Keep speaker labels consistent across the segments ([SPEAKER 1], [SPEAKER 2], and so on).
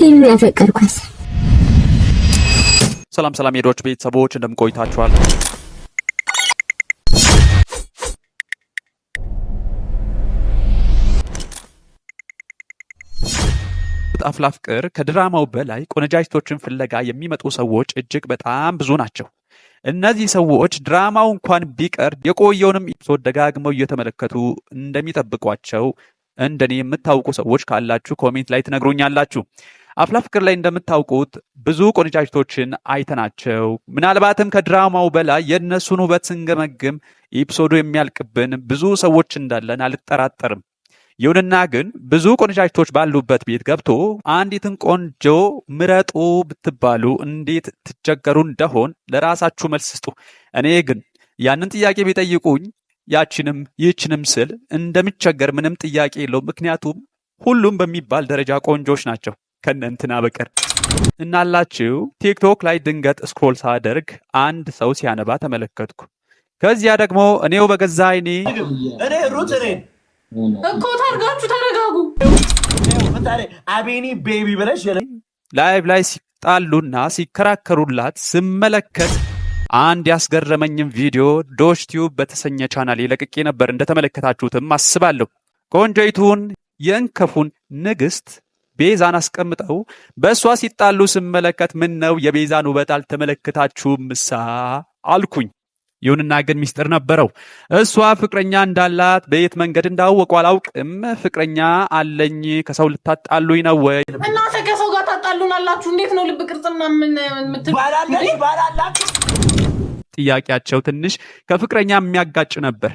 [SPEAKER 1] ይህን ያፈቀድኳት።
[SPEAKER 2] ሰላም ሰላም፣ የዶች ቤተሰቦች እንደምን ቆይታችኋል? አፍላ ፍቅር ከድራማው በላይ ቆነጃጅቶችን ፍለጋ የሚመጡ ሰዎች እጅግ በጣም ብዙ ናቸው። እነዚህ ሰዎች ድራማው እንኳን ቢቀር የቆየውንም ኢፕሶድ ደጋግመው እየተመለከቱ እንደሚጠብቋቸው እንደኔ የምታውቁ ሰዎች ካላችሁ ኮሜንት ላይ ትነግሩኛላችሁ። አፍላ ፍቅር ላይ እንደምታውቁት ብዙ ቆንጫጭቶችን አይተናቸው ምናልባትም ከድራማው በላይ የእነሱን ውበት ስንገመግም ኤፒሶዱ የሚያልቅብን ብዙ ሰዎች እንዳለን አልጠራጠርም። ይሁንና ግን ብዙ ቆንጫጭቶች ባሉበት ቤት ገብቶ አንዲትን ቆንጆ ምረጡ ብትባሉ እንዴት ትቸገሩ እንደሆን ለራሳችሁ መልስ ስጡ። እኔ ግን ያንን ጥያቄ ቢጠይቁኝ ያችንም ይህችንም ስል እንደሚቸገር ምንም ጥያቄ የለውም። ምክንያቱም ሁሉም በሚባል ደረጃ ቆንጆች ናቸው ከነንትና በቀር እናላችሁ። ቲክቶክ ላይ ድንገት ስክሮል ሳደርግ አንድ ሰው ሲያነባ ተመለከትኩ። ከዚያ ደግሞ እኔው በገዛ አይኔ
[SPEAKER 3] እኔ ሩት እኔ
[SPEAKER 4] እኮ ታርጋችሁ ተረጋጉ
[SPEAKER 3] አቤኒ ቤቢ ብለሽ
[SPEAKER 2] ላይቭ ላይ ሲጣሉና ሲከራከሩላት ስመለከት አንድ ያስገረመኝም ቪዲዮ ዶች ቲዩብ በተሰኘ ቻናል የለቅቄ ነበር። እንደተመለከታችሁትም አስባለሁ ቆንጆይቱን የእንከፉን ንግስት ቤዛን አስቀምጠው በእሷ ሲጣሉ ስመለከት ምን ነው የቤዛን ውበት አልተመለከታችሁም ምሳ አልኩኝ። ይሁንና ግን ሚስጥር ነበረው። እሷ ፍቅረኛ እንዳላት በየት መንገድ እንዳወቁ አላውቅም። ፍቅረኛ አለኝ ከሰው ልታጣሉኝ ነው ወይ
[SPEAKER 4] እናንተ? ከሰው ጋር ታጣሉን አላችሁ? እንዴት ነው ልብ ቅርጽና ምን ምትል
[SPEAKER 2] ጥያቄያቸው ትንሽ ከፍቅረኛ የሚያጋጭ ነበር።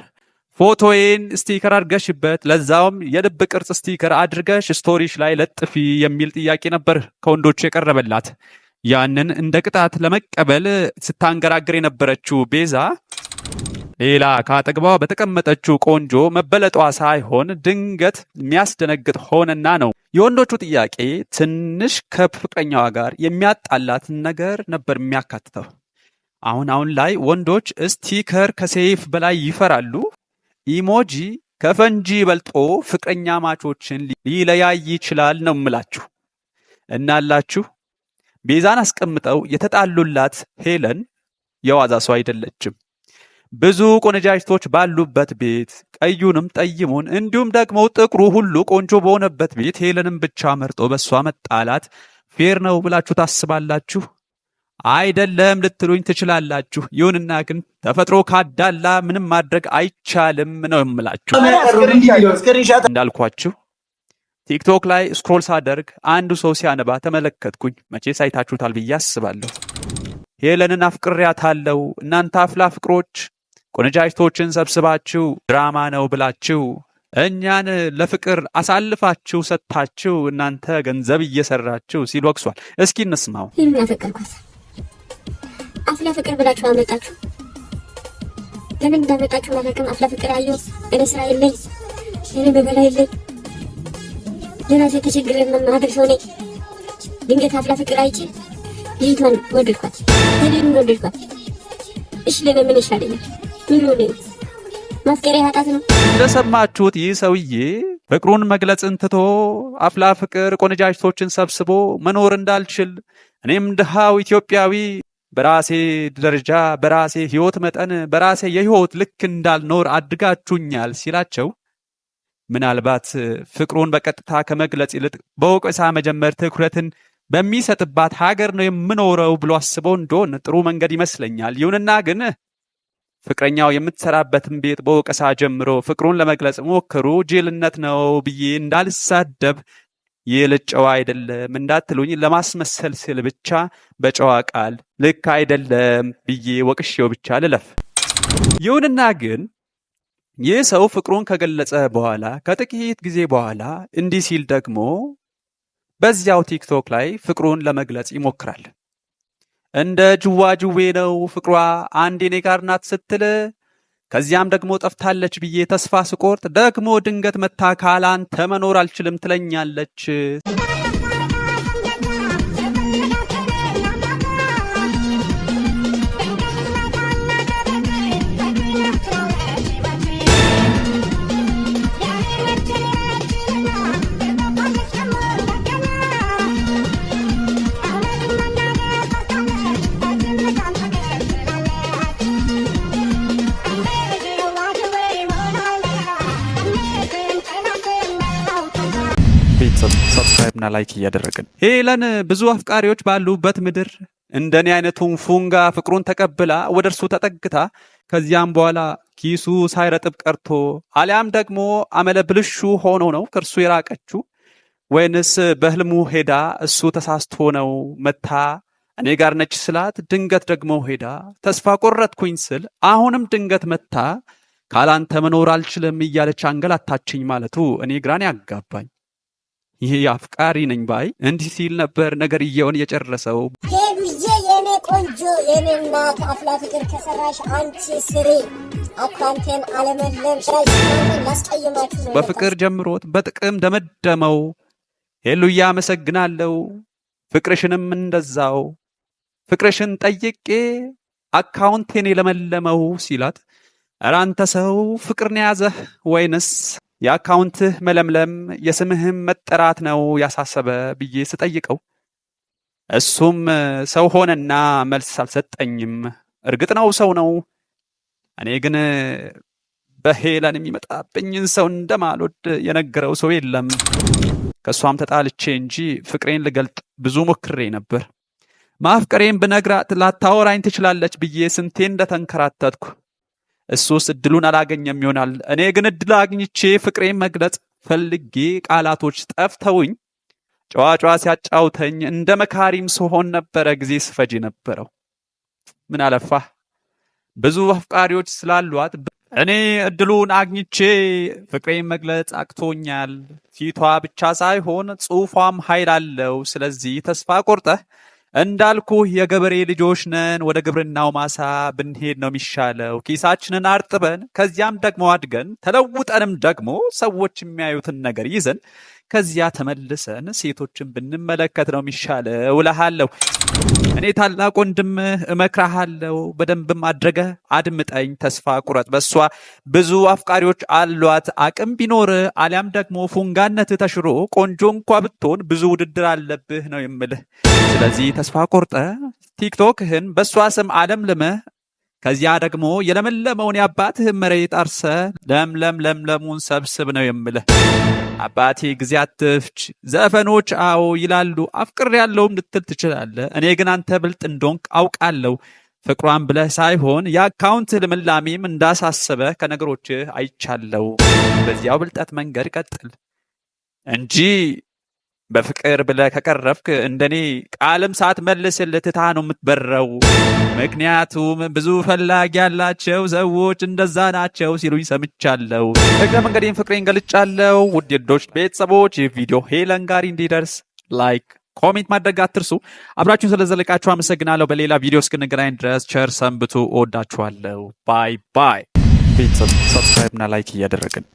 [SPEAKER 2] ፎቶዬን ስቲከር አድርገሽበት ለዛውም የልብ ቅርጽ ስቲከር አድርገሽ ስቶሪሽ ላይ ለጥፊ የሚል ጥያቄ ነበር ከወንዶቹ የቀረበላት። ያንን እንደ ቅጣት ለመቀበል ስታንገራግር የነበረችው ቤዛ ሌላ ከአጠገቧ በተቀመጠችው ቆንጆ መበለጧ ሳይሆን ድንገት የሚያስደነግጥ ሆነና ነው። የወንዶቹ ጥያቄ ትንሽ ከፍቅረኛዋ ጋር የሚያጣላትን ነገር ነበር የሚያካትተው። አሁን አሁን ላይ ወንዶች ስቲከር ከሰይፍ በላይ ይፈራሉ። ኢሞጂ ከፈንጂ በልጦ ፍቅረኛ ማቾችን ሊለያይ ይችላል ነው ምላችሁ። እናላችሁ ቤዛን አስቀምጠው የተጣሉላት ሄለን የዋዛ ሰው አይደለችም። ብዙ ቆነጃጅቶች ባሉበት ቤት ቀዩንም ጠይሙን እንዲሁም ደግሞ ጥቁሩ ሁሉ ቆንጆ በሆነበት ቤት ሄለንም ብቻ መርጦ በእሷ መጣላት ፌር ነው ብላችሁ ታስባላችሁ? አይደለም ልትሉኝ ትችላላችሁ። ይሁንና ግን ተፈጥሮ ካዳላ ምንም ማድረግ አይቻልም ነው የምላችሁ። እንዳልኳችሁ ቲክቶክ ላይ ስክሮል ሳደርግ አንዱ ሰው ሲያነባ ተመለከትኩኝ። መቼ ሳይታችሁታል ብዬ አስባለሁ። ሄለንን አፍቅሬያታለሁ። እናንተ አፍላ ፍቅሮች ቆነጃጅቶችን ሰብስባችሁ ድራማ ነው ብላችሁ እኛን ለፍቅር አሳልፋችሁ ሰጥታችሁ እናንተ ገንዘብ እየሰራችሁ ሲል ወቅሷል። እስኪ እንስማው።
[SPEAKER 1] አፍላ ፍቅር ብላችሁ አመጣችሁ። ለምን እንዳመጣችሁ አላውቅም። አፍላ ፍቅር አየሁ። እኔ ስራ የለኝ፣ እኔ መበላ የለኝ፣ ለራሴ ተቸግሬ ማድረግ ሰው ነኝ። ድንገት አፍላ ፍቅር አይቼ ልጅቷን ወደድኳት፣ እኔን ወደድኳት። እሺ ለምን ምን ይሻለኛል? ምን ሆነ? ማስቀሪያ ኃጢአት ነው።
[SPEAKER 2] እንደሰማችሁት ይህ ሰውዬ ፍቅሩን መግለጽን ትቶ አፍላ ፍቅር ቆነጃጅቶችን ሰብስቦ መኖር እንዳልችል እኔም ድሃው ኢትዮጵያዊ በራሴ ደረጃ በራሴ ህይወት መጠን በራሴ የህይወት ልክ እንዳልኖር አድጋችሁኛል ሲላቸው ምናልባት ፍቅሩን በቀጥታ ከመግለጽ ይልቅ በወቀሳ መጀመር ትኩረትን በሚሰጥባት ሀገር ነው የምኖረው ብሎ አስበው እንደሆን ጥሩ መንገድ ይመስለኛል። ይሁንና ግን ፍቅረኛው የምትሰራበትን ቤት በወቀሳ ጀምሮ ፍቅሩን ለመግለጽ ሞክሩ ጅልነት ነው ብዬ እንዳልሳደብ የለጨዋ አይደለም እንዳትሉኝ ለማስመሰል ስል ብቻ በጨዋ ቃል ልክ አይደለም ብዬ ወቅሼው ብቻ ልለፍ። ይሁንና ግን ይህ ሰው ፍቅሩን ከገለጸ በኋላ ከጥቂት ጊዜ በኋላ እንዲህ ሲል ደግሞ በዚያው ቲክቶክ ላይ ፍቅሩን ለመግለጽ ይሞክራል። እንደ ጅዋ ጅዌ ነው ፍቅሯ አንድ እኔ ጋር ናት ስትል ከዚያም ደግሞ ጠፍታለች ብዬ ተስፋ ስቆርጥ ደግሞ ድንገት መታ ካላንተ መኖር አልችልም ትለኛለች። ፎሎውና ላይክ እያደረግን ሄለን ብዙ አፍቃሪዎች ባሉበት ምድር እንደኔ አይነቱን ፉንጋ ፍቅሩን ተቀብላ ወደ እርሱ ተጠግታ ከዚያም በኋላ ኪሱ ሳይረጥብ ቀርቶ አሊያም ደግሞ አመለብልሹ ሆኖ ነው ከእርሱ የራቀችው ወይንስ በህልሙ ሄዳ እሱ ተሳስቶ ነው መታ እኔ ጋር ነች ስላት ድንገት ደግሞ ሄዳ ተስፋ ቆረጥኩኝ ስል አሁንም ድንገት መታ ካላንተ መኖር አልችልም እያለች አንገላታችኝ ማለቱ እኔ ግራን ያጋባኝ። ይሄ አፍቃሪ ነኝ ባይ እንዲህ ሲል ነበር ነገር እየውን የጨረሰው።
[SPEAKER 1] ሄሉዬ የኔ ቆንጆ የኔ እናት አፍላ ፍቅር ከሰራሽ አንቺ ስሪ አካንቴን አለመለም ላስቀይማችሁ።
[SPEAKER 2] በፍቅር ጀምሮት በጥቅም ደመደመው። ሄሉያ አመሰግናለሁ፣ ፍቅርሽንም እንደዛው ፍቅርሽን ጠይቄ አካውንቴን የለመለመው ሲላት፣ ኧረ ሰው ፍቅርን የያዘህ ወይንስ የአካውንትህ መለምለም የስምህም መጠራት ነው ያሳሰበ ብዬ ስጠይቀው እሱም ሰው ሆነና መልስ አልሰጠኝም። እርግጥ ነው ሰው ነው። እኔ ግን በሄለን የሚመጣብኝን ሰው እንደማልወድ የነገረው ሰው የለም። ከእሷም ተጣልቼ እንጂ ፍቅሬን ልገልጥ ብዙ ሞክሬ ነበር። ማፍቀሬን ብነግራት ላታወራኝ ትችላለች ብዬ ስንቴ እንደተንከራተትኩ እሱስ እድሉን አላገኘም ይሆናል። እኔ ግን እድል አግኝቼ ፍቅሬን መግለጽ ፈልጌ ቃላቶች ጠፍተውኝ ጨዋጫ ሲያጫውተኝ እንደ መካሪም ስሆን ነበረ ጊዜ ስፈጅ ነበረው። ምን አለፋህ ብዙ አፍቃሪዎች ስላሏት እኔ እድሉን አግኝቼ ፍቅሬን መግለጽ አቅቶኛል። ፊቷ ብቻ ሳይሆን ጽሑፏም ኃይል አለው። ስለዚህ ተስፋ ቆርጠህ እንዳልኩህ የገበሬ ልጆች ነን። ወደ ግብርናው ማሳ ብንሄድ ነው የሚሻለው። ኪሳችንን አርጥበን ከዚያም ደግሞ አድገን ተለውጠንም ደግሞ ሰዎች የሚያዩትን ነገር ይዘን ከዚያ ተመልሰን ሴቶችን ብንመለከት ነው የሚሻለው እልሃለሁ። እኔ ታላቅ ወንድምህ እመክርሃለሁ። በደንብም አድርገህ አድምጠኝ። ተስፋ ቁረጥ። በሷ ብዙ አፍቃሪዎች አሏት። አቅም ቢኖርህ አሊያም ደግሞ ፉንጋነትህ ተሽሮ ቆንጆ እንኳ ብትሆን ብዙ ውድድር አለብህ ነው የምልህ። ስለዚህ ተስፋ ቆርጠ ቲክቶክህን በእሷ ስም አለም ከዚያ ደግሞ የለመለመውን የአባትህን መሬት አርሰ ለምለም ለምለሙን ሰብስብ ነው የምልህ። አባቴ ጊዜ ዘፈኖች አዎ ይላሉ፣ አፍቅር ያለውም ልትል ትችላለህ። እኔ ግን አንተ ብልጥ እንደሆንክ አውቃለሁ። ፍቅሯን ብለህ ሳይሆን የአካውንት ልምላሜም እንዳሳሰበ ከነገሮችህ አይቻለው። በዚያው ብልጠት መንገድ ቀጥል እንጂ በፍቅር ብለህ ከቀረብክ እንደኔ ቃልም ሳትመልስልህ ትታ ነው የምትበረው። ምክንያቱም ብዙ ፈላጊ ያላቸው ሰዎች እንደዛ ናቸው ሲሉኝ ሰምቻለሁ። እግረ መንገዴን ፍቅሬን ገልጫለሁ። ውድዶች ቤተሰቦች ይህ ቪዲዮ ሄለን ጋር እንዲደርስ ላይክ ኮሜንት ማድረግ አትርሱ። አብራችሁን ስለዘለቃችሁ አመሰግናለሁ። በሌላ ቪዲዮ እስክንገናኝ ድረስ ቸር ሰንብቱ። እወዳችኋለሁ። ባይ ባይ። ቤተሰብ ሰብስክራይብ እና ላይክ እያደረግን